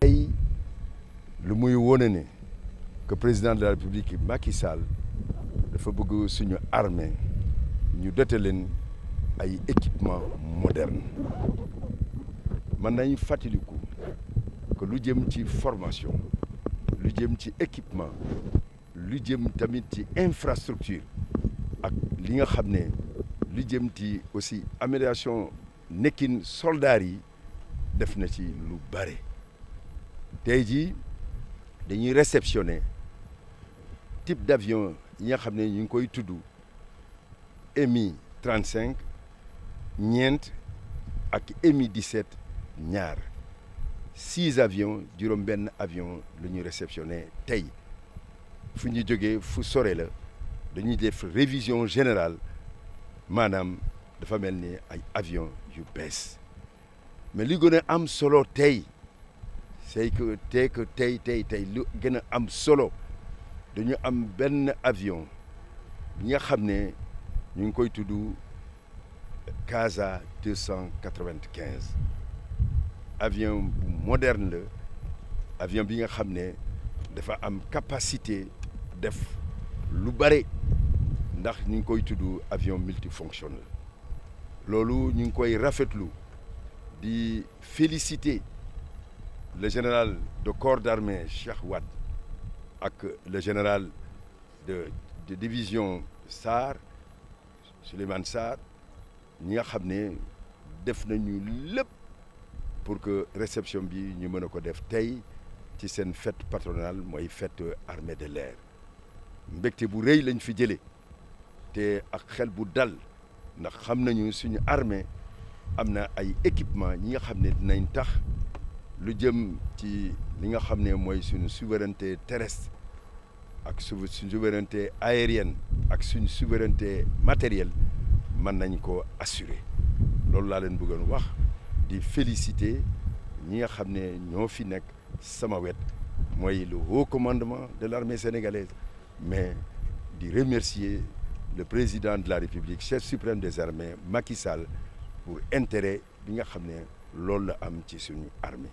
tey lu muy wone ne que président de la république Macky Sall dafa bëgg suñu armée ñu dote leen ay équipement moderne mën nañu fàttaliku que lu jëm ci formation lu jëm ci équipement lu jëm tamit ci infrastructure ak li nga xam ne lu jëm ci aussi amélioration nekkin soldats yi def na ci lu bare tey jii dañuy réceptionner type d'avion yi ña xam ne ñu ngi koy tudd Mi 35 ñeent ak Mi 17 ñaar six avions juróom-benn avion lu ñuy réceptionner tey fu ñu jógee fu sore la dañuy def révision générale maanaam dafa mel ni ay avion yu bees mais li gën am solo tey c'est que tey que tey tey tey lu gën a am solo dañu am benn avion bi nga xam ne ñu ngi koy tudd Casa 295 avion bu moderne la avion bi nga xam ne dafa am capacité def lu bare ndax ñu ngi koy tudd avion multifonctionnel loolu ñu ngi koy rafetlu di féliciter le général de corps d'armée Cheikh wat ak le général de de division Sarr Souleymane Sarr ñi nga xam ne def nañu lépp pour que réception bi ñu mën a ko def tey ci seen fête patronale mooy fête armée de l'air mbégte bu rëy lañ fi jëlee. te ak xel bu dal ndax xam nañu suñu armée am na ay équipement ñi nga xam ne dinañ tax lu jëm ci li nga xam ne mooy suñu souveraineté terrestre ak suñu souveraineté aérienne ak suñu souveraineté matérielle mën nañ ko assurer loolu laa leen bëggoon wax di féliciter ñi nga xam ne ñoo fi nekk sama wet mooy le haut commandement de l'armée sénégalaise mais di remercier le président de la république chef suprême des armées Macky Sall pour intérêt bi nga xam ne loolu la am ci suñu armée